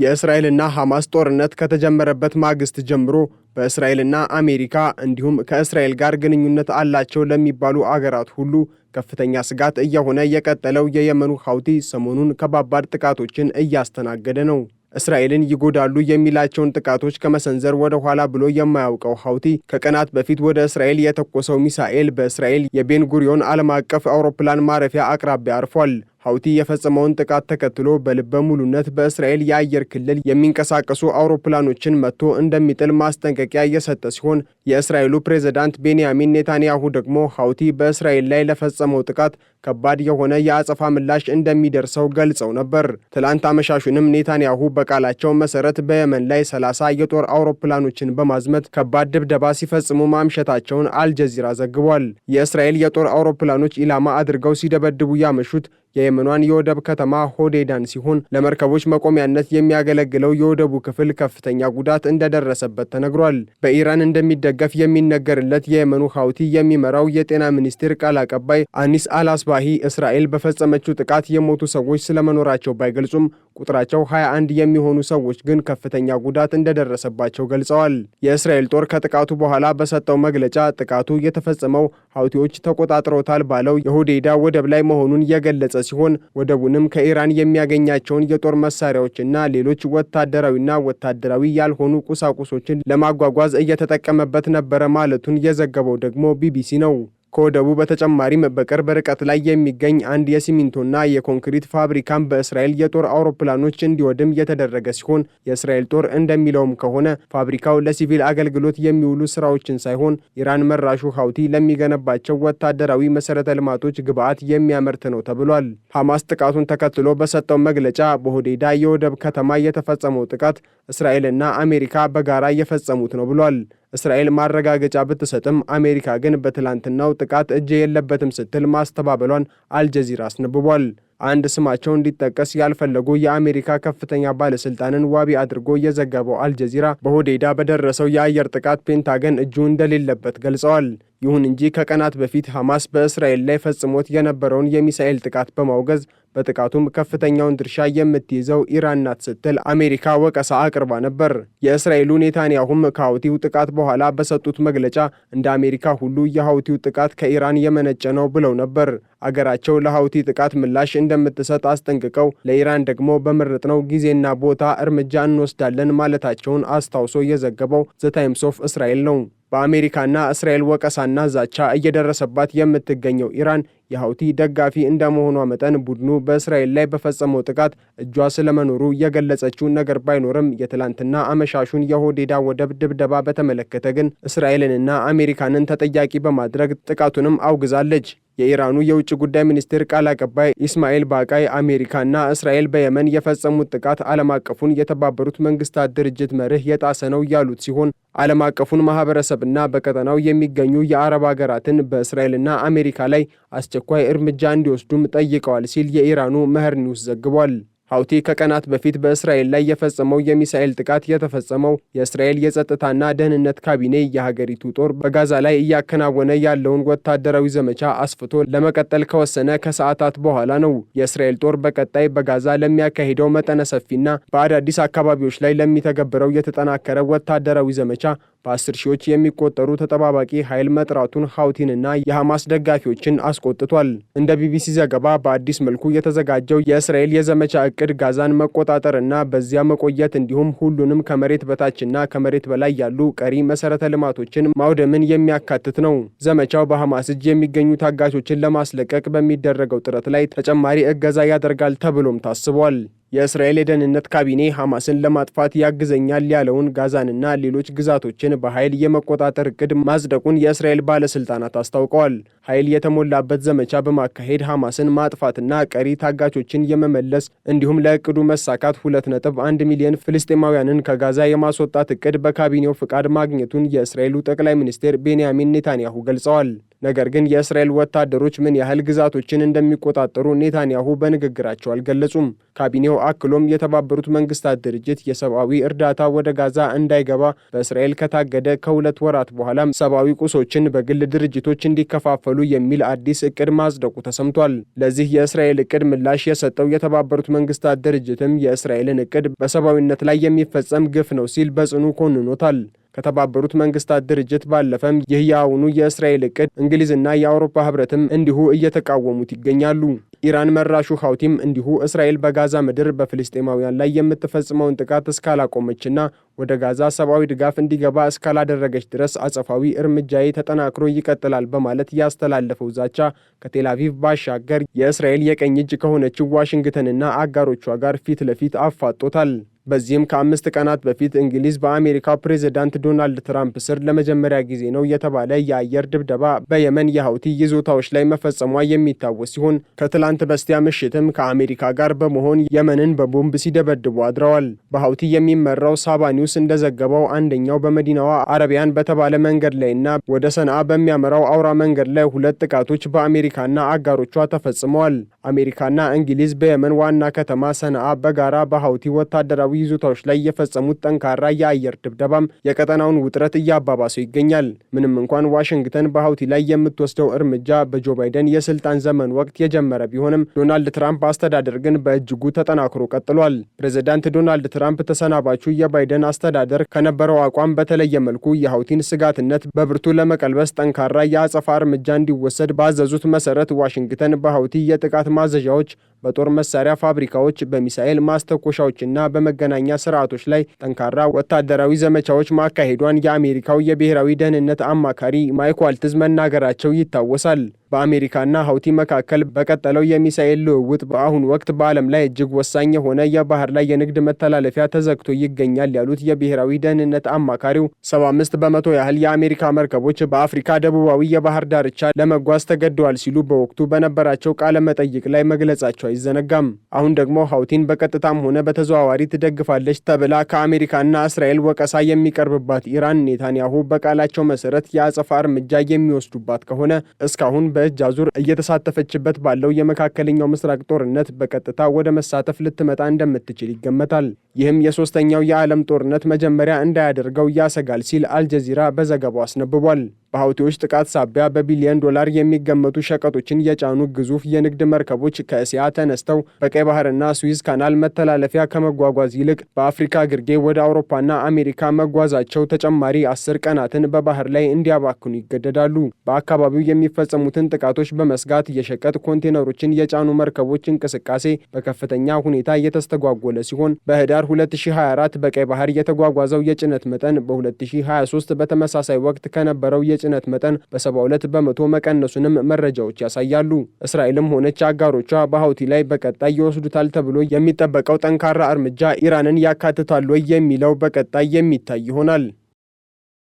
የእስራኤልና ሐማስ ጦርነት ከተጀመረበት ማግስት ጀምሮ በእስራኤልና አሜሪካ እንዲሁም ከእስራኤል ጋር ግንኙነት አላቸው ለሚባሉ አገራት ሁሉ ከፍተኛ ስጋት እየሆነ የቀጠለው የየመኑ ሐውቲ ሰሞኑን ከባባድ ጥቃቶችን እያስተናገደ ነው። እስራኤልን ይጎዳሉ የሚላቸውን ጥቃቶች ከመሰንዘር ወደ ኋላ ብሎ የማያውቀው ሐውቲ ከቀናት በፊት ወደ እስራኤል የተኮሰው ሚሳኤል በእስራኤል የቤንጉሪዮን ዓለም አቀፍ አውሮፕላን ማረፊያ አቅራቢያ አርፏል። ሀውቲ የፈጸመውን ጥቃት ተከትሎ በልበ ሙሉነት በእስራኤል የአየር ክልል የሚንቀሳቀሱ አውሮፕላኖችን መጥቶ እንደሚጥል ማስጠንቀቂያ የሰጠ ሲሆን የእስራኤሉ ፕሬዝዳንት ቤንያሚን ኔታንያሁ ደግሞ ሀውቲ በእስራኤል ላይ ለፈጸመው ጥቃት ከባድ የሆነ የአጸፋ ምላሽ እንደሚደርሰው ገልጸው ነበር። ትላንት አመሻሹንም ኔታንያሁ በቃላቸው መሰረት በየመን ላይ ሰላሳ የጦር አውሮፕላኖችን በማዝመት ከባድ ድብደባ ሲፈጽሙ ማምሸታቸውን አልጀዚራ ዘግቧል። የእስራኤል የጦር አውሮፕላኖች ኢላማ አድርገው ሲደበድቡ ያመሹት የየመኗን የወደብ ከተማ ሆዴዳን ሲሆን ለመርከቦች መቆሚያነት የሚያገለግለው የወደቡ ክፍል ከፍተኛ ጉዳት እንደደረሰበት ተነግሯል። በኢራን እንደሚደገፍ የሚነገርለት የየመኑ ሀውቲ የሚመራው የጤና ሚኒስቴር ቃል አቀባይ አኒስ አልአስባሂ እስራኤል በፈጸመችው ጥቃት የሞቱ ሰዎች ስለመኖራቸው ባይገልጹም ቁጥራቸው 21 የሚሆኑ ሰዎች ግን ከፍተኛ ጉዳት እንደደረሰባቸው ገልጸዋል። የእስራኤል ጦር ከጥቃቱ በኋላ በሰጠው መግለጫ ጥቃቱ የተፈጸመው ሀውቲዎች ተቆጣጥሮታል ባለው የሆዴዳ ወደብ ላይ መሆኑን የገለጸ ሲሆን ወደቡንም ከኢራን የሚያገኛቸውን የጦር መሳሪያዎችና ሌሎች ወታደራዊና ወታደራዊ ያልሆኑ ቁሳቁሶችን ለማጓጓዝ እየተጠቀመበት ነበረ ማለቱን የዘገበው ደግሞ ቢቢሲ ነው። ከወደቡ በተጨማሪ በቅርብ በርቀት ላይ የሚገኝ አንድ የሲሚንቶና የኮንክሪት ፋብሪካን በእስራኤል የጦር አውሮፕላኖች እንዲወድም የተደረገ ሲሆን የእስራኤል ጦር እንደሚለውም ከሆነ ፋብሪካው ለሲቪል አገልግሎት የሚውሉ ስራዎችን ሳይሆን ኢራን መራሹ ሀውቲ ለሚገነባቸው ወታደራዊ መሰረተ ልማቶች ግብዓት የሚያመርት ነው ተብሏል። ሐማስ ጥቃቱን ተከትሎ በሰጠው መግለጫ በሆዴዳ የወደብ ከተማ የተፈጸመው ጥቃት እስራኤልና አሜሪካ በጋራ የፈጸሙት ነው ብሏል። እስራኤል ማረጋገጫ ብትሰጥም አሜሪካ ግን በትላንትናው ጥቃት እጅ የለበትም ስትል ማስተባበሏን አልጀዚራ አስነብቧል። አንድ ስማቸው እንዲጠቀስ ያልፈለጉ የአሜሪካ ከፍተኛ ባለስልጣንን ዋቢ አድርጎ የዘገበው አልጀዚራ በሆዴዳ በደረሰው የአየር ጥቃት ፔንታገን እጁ እንደሌለበት ገልጸዋል። ይሁን እንጂ ከቀናት በፊት ሐማስ በእስራኤል ላይ ፈጽሞት የነበረውን የሚሳኤል ጥቃት በማውገዝ በጥቃቱም ከፍተኛውን ድርሻ የምትይዘው ኢራን ናት ስትል አሜሪካ ወቀሳ አቅርባ ነበር። የእስራኤሉ ኔታንያሁም ከሐውቲው ጥቃት በኋላ በሰጡት መግለጫ እንደ አሜሪካ ሁሉ የሐውቲው ጥቃት ከኢራን የመነጨ ነው ብለው ነበር። አገራቸው ለሐውቲ ጥቃት ምላሽ እንደምትሰጥ አስጠንቅቀው ለኢራን ደግሞ በመረጥነው ጊዜና ቦታ እርምጃ እንወስዳለን ማለታቸውን አስታውሶ የዘገበው ዘ ታይምስ ኦፍ እስራኤል ነው። በአሜሪካና እስራኤል ወቀሳና ዛቻ እየደረሰባት የምትገኘው ኢራን የሀውቲ ደጋፊ እንደመሆኗ መጠን ቡድኑ በእስራኤል ላይ በፈጸመው ጥቃት እጇ ስለመኖሩ የገለጸችው ነገር ባይኖርም የትላንትና አመሻሹን የሆዴዳ ወደብ ድብደባ በተመለከተ ግን እስራኤልንና አሜሪካንን ተጠያቂ በማድረግ ጥቃቱንም አውግዛለች። የኢራኑ የውጭ ጉዳይ ሚኒስቴር ቃል አቀባይ ኢስማኤል ባቃይ አሜሪካና እስራኤል በየመን የፈጸሙት ጥቃት ዓለም አቀፉን የተባበሩት መንግስታት ድርጅት መርህ የጣሰ ነው ያሉት ሲሆን ዓለም አቀፉን ማህበረሰብና በቀጠናው የሚገኙ የአረብ ሀገራትን በእስራኤልና አሜሪካ ላይ አስቸ አስቸኳይ እርምጃ እንዲወስዱም ጠይቀዋል ሲል የኢራኑ መህር ኒውስ ዘግቧል። ሀውቲ ከቀናት በፊት በእስራኤል ላይ የፈጸመው የሚሳኤል ጥቃት የተፈጸመው የእስራኤል የጸጥታና ደህንነት ካቢኔ የሀገሪቱ ጦር በጋዛ ላይ እያከናወነ ያለውን ወታደራዊ ዘመቻ አስፍቶ ለመቀጠል ከወሰነ ከሰዓታት በኋላ ነው። የእስራኤል ጦር በቀጣይ በጋዛ ለሚያካሂደው መጠነ ሰፊና በአዳዲስ አካባቢዎች ላይ ለሚተገብረው የተጠናከረ ወታደራዊ ዘመቻ በአስር ሺዎች የሚቆጠሩ ተጠባባቂ ኃይል መጥራቱን ሀውቲንና የሐማስ ደጋፊዎችን አስቆጥቷል። እንደ ቢቢሲ ዘገባ በአዲስ መልኩ የተዘጋጀው የእስራኤል የዘመቻ እቅድ እቅድ ጋዛን እና በዚያ መቆየት እንዲሁም ሁሉንም ከመሬት እና ከመሬት በላይ ያሉ ቀሪ መሰረተ ልማቶችን ማውደምን የሚያካትት ነው። ዘመቻው በሐማስ እጅ የሚገኙ ታጋቾችን ለማስለቀቅ በሚደረገው ጥረት ላይ ተጨማሪ እገዛ ያደርጋል ተብሎም ታስቧል። የእስራኤል የደህንነት ካቢኔ ሐማስን ለማጥፋት ያግዘኛል ያለውን ጋዛንና ሌሎች ግዛቶችን በኃይል የመቆጣጠር እቅድ ማጽደቁን የእስራኤል ባለስልጣናት አስታውቀዋል። ኃይል የተሞላበት ዘመቻ በማካሄድ ሐማስን ማጥፋትና ቀሪ ታጋቾችን የመመለስ እንዲሁም ለእቅዱ መሳካት 2.1 ሚሊዮን ፍልስጤማውያንን ከጋዛ የማስወጣት እቅድ በካቢኔው ፍቃድ ማግኘቱን የእስራኤሉ ጠቅላይ ሚኒስትር ቤንያሚን ኔታንያሁ ገልጸዋል። ነገር ግን የእስራኤል ወታደሮች ምን ያህል ግዛቶችን እንደሚቆጣጠሩ ኔታንያሁ በንግግራቸው አልገለጹም። ካቢኔው አክሎም የተባበሩት መንግስታት ድርጅት የሰብአዊ እርዳታ ወደ ጋዛ እንዳይገባ በእስራኤል ከታገደ ከሁለት ወራት በኋላም ሰብአዊ ቁሶችን በግል ድርጅቶች እንዲከፋፈሉ እንዲከፈሉ የሚል አዲስ እቅድ ማጽደቁ ተሰምቷል። ለዚህ የእስራኤል እቅድ ምላሽ የሰጠው የተባበሩት መንግስታት ድርጅትም የእስራኤልን እቅድ በሰብአዊነት ላይ የሚፈጸም ግፍ ነው ሲል በጽኑ ኮንኖታል። ከተባበሩት መንግስታት ድርጅት ባለፈም የህያውኑ የእስራኤል እቅድ እንግሊዝና የአውሮፓ ህብረትም እንዲሁ እየተቃወሙት ይገኛሉ። ኢራን መራሹ ሀውቲም እንዲሁ እስራኤል በጋዛ ምድር በፍልስጤማውያን ላይ የምትፈጽመውን ጥቃት እስካላቆመችና ወደ ጋዛ ሰብአዊ ድጋፍ እንዲገባ እስካላደረገች ድረስ አጸፋዊ እርምጃዬ ተጠናክሮ ይቀጥላል በማለት ያስተላለፈው ዛቻ ከቴላቪቭ ባሻገር የእስራኤል የቀኝ እጅ ከሆነችው ዋሽንግተንና አጋሮቿ ጋር ፊት ለፊት አፋጦታል። በዚህም ከአምስት ቀናት በፊት እንግሊዝ በአሜሪካው ፕሬዚዳንት ዶናልድ ትራምፕ ስር ለመጀመሪያ ጊዜ ነው የተባለ የአየር ድብደባ በየመን የሀውቲ ይዞታዎች ላይ መፈጸሟ የሚታወስ ሲሆን ከትላንት በስቲያ ምሽትም ከአሜሪካ ጋር በመሆን የመንን በቦምብ ሲደበድቡ አድረዋል። በሀውቲ የሚመራው ሳባ ኒውስ እንደዘገበው አንደኛው በመዲናዋ አረቢያን በተባለ መንገድ ላይና ወደ ሰንዓ በሚያመራው አውራ መንገድ ላይ ሁለት ጥቃቶች በአሜሪካና አጋሮቿ ተፈጽመዋል። አሜሪካና እንግሊዝ በየመን ዋና ከተማ ሰንዓ በጋራ በሀውቲ ወታደራዊ በምዕራባዊ ይዞታዎች ላይ የፈጸሙት ጠንካራ የአየር ድብደባም የቀጠናውን ውጥረት እያባባሰው ይገኛል። ምንም እንኳን ዋሽንግተን በሀውቲ ላይ የምትወስደው እርምጃ በጆ ባይደን የስልጣን ዘመን ወቅት የጀመረ ቢሆንም ዶናልድ ትራምፕ አስተዳደር ግን በእጅጉ ተጠናክሮ ቀጥሏል። ፕሬዚዳንት ዶናልድ ትራምፕ ተሰናባቹ የባይደን አስተዳደር ከነበረው አቋም በተለየ መልኩ የሀውቲን ስጋትነት በብርቱ ለመቀልበስ ጠንካራ የአጸፋ እርምጃ እንዲወሰድ ባዘዙት መሰረት ዋሽንግተን በሀውቲ የጥቃት ማዘዣዎች በጦር መሳሪያ ፋብሪካዎች፣ በሚሳኤል ማስተኮሻዎችና በመገናኛ ስርዓቶች ላይ ጠንካራ ወታደራዊ ዘመቻዎች ማካሄዷን የአሜሪካው የብሔራዊ ደህንነት አማካሪ ማይክ ዋልትዝ መናገራቸው ይታወሳል። በአሜሪካና ሀውቲ መካከል በቀጠለው የሚሳኤል ልውውጥ በአሁኑ ወቅት በዓለም ላይ እጅግ ወሳኝ የሆነ የባህር ላይ የንግድ መተላለፊያ ተዘግቶ ይገኛል ያሉት የብሔራዊ ደህንነት አማካሪው 75 በመቶ ያህል የአሜሪካ መርከቦች በአፍሪካ ደቡባዊ የባህር ዳርቻ ለመጓዝ ተገደዋል ሲሉ በወቅቱ በነበራቸው ቃለ መጠይቅ ላይ መግለጻቸው አይዘነጋም። አሁን ደግሞ ሀውቲን በቀጥታም ሆነ በተዘዋዋሪ ትደግፋለች ተብላ ከአሜሪካና እስራኤል ወቀሳ የሚቀርብባት ኢራን ኔታንያሁ በቃላቸው መሰረት የአጸፋ እርምጃ የሚወስዱባት ከሆነ እስካሁን በ በእጅ አዙር እየተሳተፈችበት ባለው የመካከለኛው ምስራቅ ጦርነት በቀጥታ ወደ መሳተፍ ልትመጣ እንደምትችል ይገመታል። ይህም የሶስተኛው የዓለም ጦርነት መጀመሪያ እንዳያደርገው ያሰጋል ሲል አልጀዚራ በዘገባው አስነብቧል። በሀውቲዎች ጥቃት ሳቢያ በቢሊዮን ዶላር የሚገመቱ ሸቀጦችን የጫኑ ግዙፍ የንግድ መርከቦች ከእስያ ተነስተው በቀይ ባህርና ስዊዝ ካናል መተላለፊያ ከመጓጓዝ ይልቅ በአፍሪካ ግርጌ ወደ አውሮፓና አሜሪካ መጓዛቸው ተጨማሪ አስር ቀናትን በባህር ላይ እንዲያባክኑ ይገደዳሉ። በአካባቢው የሚፈጸሙትን ጥቃቶች በመስጋት የሸቀጥ ኮንቴነሮችን የጫኑ መርከቦች እንቅስቃሴ በከፍተኛ ሁኔታ የተስተጓጎለ ሲሆን በህዳር 2024 በቀይ ባህር የተጓጓዘው የጭነት መጠን በ2023 በተመሳሳይ ወቅት ከነበረው የ የጭነት መጠን በ72 በመቶ መቀነሱንም መረጃዎች ያሳያሉ። እስራኤልም ሆነች አጋሮቿ በሀውቲ ላይ በቀጣይ ይወስዱታል ተብሎ የሚጠበቀው ጠንካራ እርምጃ ኢራንን ያካትታል ወይ የሚለው በቀጣይ የሚታይ ይሆናል።